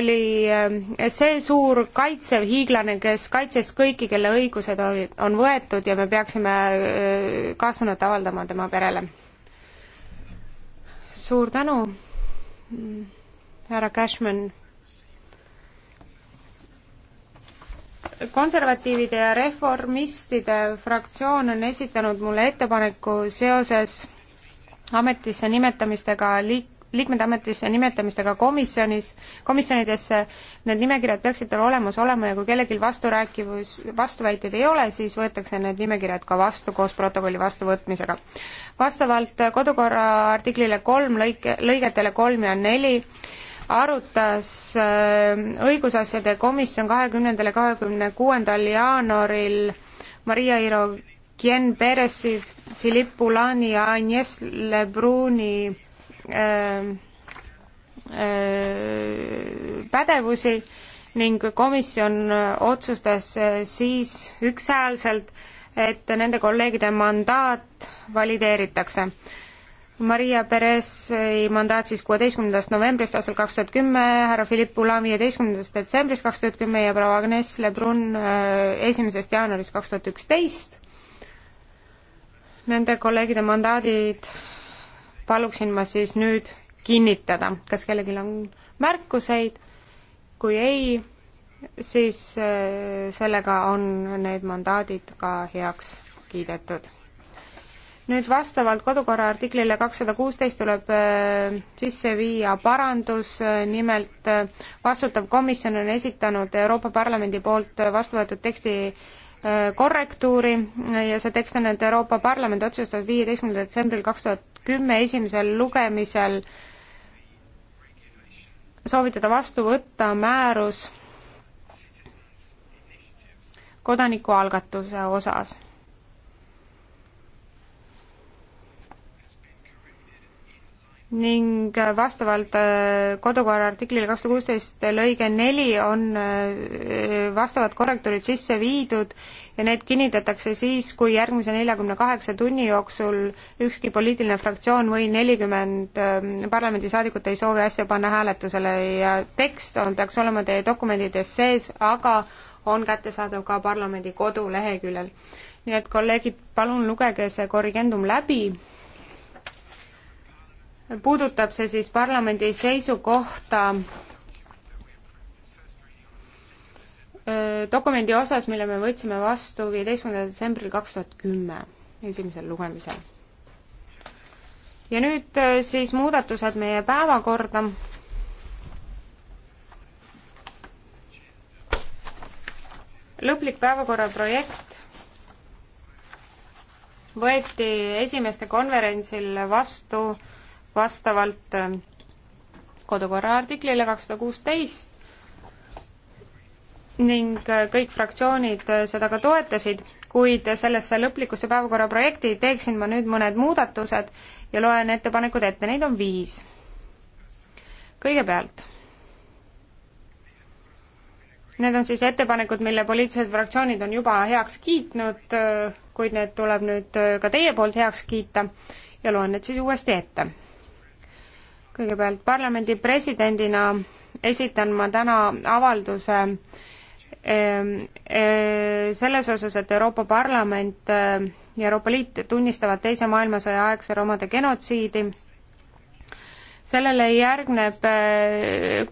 oli ähm, see suur kaitsev hiiglane, kes kaitses kõiki, kelle õigused oli, on võetud ja me peaksime äh, kaastunnet avaldama tema perele. suur tänu, härra Cashman. konservatiivide ja reformistide fraktsioon on esitanud mulle ettepaneku seoses ametisse nimetamistega liik-, liikmete ametisse nimetamistega komisjonis, komisjonidesse, need nimekirjad peaksid tal olemas olema ja kui kellelgi vasturääkivus, vastuväiteid ei ole, siis võetakse need nimekirjad ka vastu koos protokolli vastuvõtmisega. vastavalt kodukorra artiklile kolm lõike, lõigetele kolm ja neli arutas äh, õigusasjade komisjon kahekümnendal ja kahekümne kuuendal jaanuaril Maria Iro Kien Peresi, Philippe Poulani ja Agnes Lebruni Ähm, äh, pädevusi ning komisjon äh, otsustas äh, siis ükshäälselt, et nende kolleegide mandaat valideeritakse. Maria Peresi mandaat siis kuueteistkümnendast novembrist aastal kaks tuhat kümme, härra Philipp Pula viieteistkümnendast detsembrist kaks tuhat kümme ja proua Agnes Lebrun esimesest jaanuarist kaks tuhat üksteist. Nende kolleegide mandaadid paluksin ma siis nüüd kinnitada, kas kellelgi on märkuseid, kui ei, siis äh, sellega on need mandaadid ka heaks kiidetud. nüüd vastavalt kodukorra artiklile kakssada kuusteist tuleb äh, sisse viia parandus, äh, nimelt vastutav komisjon on esitanud Euroopa Parlamendi poolt vastu võetud teksti Äh, korrektuuri ja see tekst on, et Euroopa Parlament otsustas viieteistkümnendal detsembril kaks tuhat kümme esimesel lugemisel soovitada vastu võtta määrus kodanikualgatuse osas ning vastavalt äh, kodukorra artiklile kakssada kuusteist lõige neli on äh, vastavad korrektuurid sisse viidud ja need kinnitatakse siis, kui järgmise neljakümne kaheksa tunni jooksul ükski poliitiline fraktsioon või nelikümmend ähm, parlamendisaadikut ei soovi asja panna hääletusele ja tekst on, peaks olema teie dokumendides sees, aga on kättesaadav ka parlamendi koduleheküljel. nii et kolleegid, palun lugege see korrigendum läbi puudutab see siis parlamendi seisukohta dokumendi osas, mille me võtsime vastu viieteistkümnendal detsembril kaks tuhat kümme esimesel lugemisel. ja nüüd siis muudatused meie päevakorda. lõplik päevakorra projekt võeti esimeste konverentsil vastu vastavalt äh, kodukorra artiklile kakssada kuusteist ning äh, kõik fraktsioonid äh, seda ka toetasid, kuid sellesse lõplikusse päevakorra projekti teeksin ma nüüd mõned muudatused ja loen ettepanekud ette, neid on viis. kõigepealt Need on siis ettepanekud, mille poliitilised fraktsioonid on juba heaks kiitnud, kuid need tuleb nüüd ka teie poolt heaks kiita ja loen need siis uuesti ette kõigepealt parlamendi presidendina esitan ma täna avalduse ehm, eh, selles osas, et Euroopa Parlament eh, ja Euroopa Liit tunnistavad Teise maailmasõja aegse romade genotsiidi. sellele järgneb eh,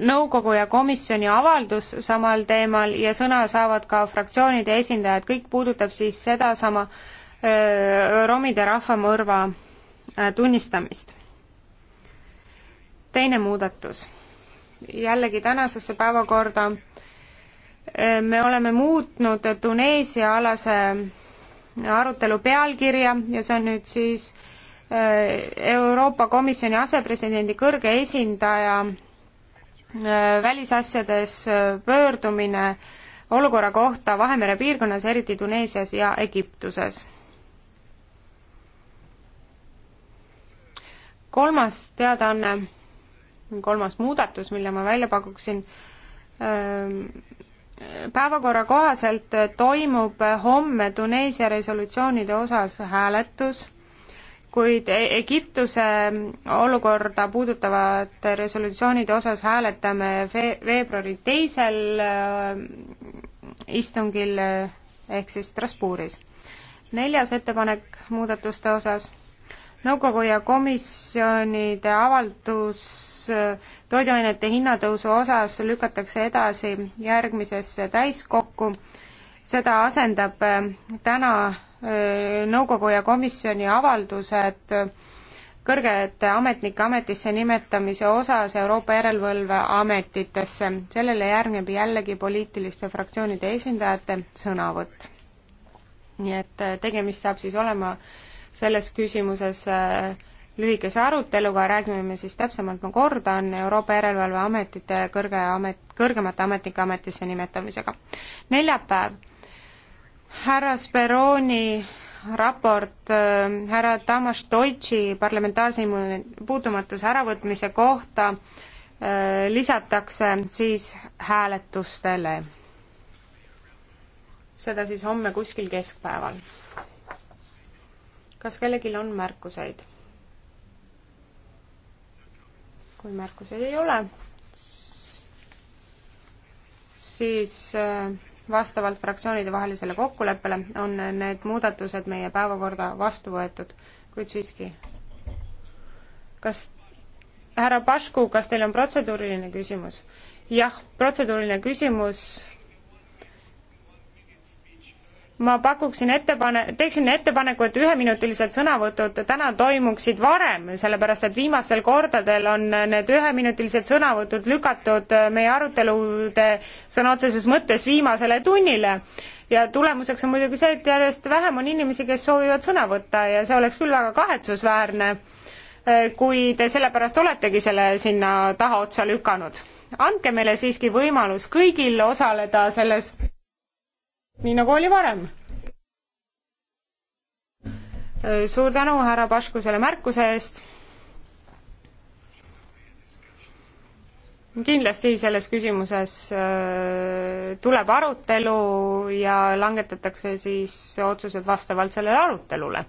nõukogu ja komisjoni avaldus samal teemal ja sõna saavad ka fraktsioonide esindajad, kõik puudutab siis sedasama romide rahvamõrva tunnistamist teine muudatus, jällegi tänasesse päevakorda, me oleme muutnud Tuneesia alase arutelu pealkirja ja see on nüüd siis Euroopa Komisjoni asepresidendi kõrge esindaja välisasjades pöördumine olukorra kohta Vahemere piirkonnas, eriti Tuneesias ja Egiptuses. kolmas teadaanne kolmas muudatus, mille ma välja pakuksin, päevakorra kohaselt toimub homme Tuneesia resolutsioonide osas hääletus, kuid e- Egiptuse olukorda puudutavate resolutsioonide osas hääletame fe-, veebruari teisel istungil ehk siis Strasbourgis. neljas ettepanek muudatuste osas nõukogu ja komisjonide avaldus äh, toiduainete hinnatõusu osas lükatakse edasi järgmisesse täiskokku. seda asendab äh, täna äh, nõukogu ja komisjoni avaldused kõrgete ametnike ametisse nimetamise osas Euroopa Järelevalveametitesse. sellele järgneb jällegi poliitiliste fraktsioonide esindajate sõnavõtt. nii et tegemist saab siis olema selles küsimuses äh, lühikese aruteluga, räägime me siis täpsemalt, ma kordan, Euroopa Järelevalveametite kõrge amet, kõrgemate ametnike ametisse nimetamisega. neljapäev, härra Speroni raport äh, härra Tamas Deutschi parlamentaarse puutumatuse äravõtmise kohta äh, lisatakse siis hääletustele. seda siis homme kuskil keskpäeval kas kellelgi on märkuseid? kui märkuseid ei ole, siis äh, vastavalt fraktsioonide vahelisele kokkuleppele on need muudatused meie päevakorda vastu võetud, kuid siiski. kas, härra Pašku, kas teil on protseduuriline küsimus? jah, protseduuriline küsimus ma pakuksin ettepane-, teeksin ettepaneku, et üheminutilised sõnavõtud täna toimuksid varem, sellepärast et viimastel kordadel on need üheminutilised sõnavõtud lükatud äh, meie arutelude sõna otseses mõttes viimasele tunnile. ja tulemuseks on muidugi see, et järjest vähem on inimesi, kes soovivad sõna võtta ja see oleks küll väga kahetsusväärne, äh, kui te sellepärast oletegi selle sinna tahaotsa lükanud. andke meile siiski võimalus kõigil osaleda selles nii nagu oli varem. suur tänu härra Pašku selle märkuse eest. kindlasti selles küsimuses äh, tuleb arutelu ja langetatakse siis otsused vastavalt sellele arutelule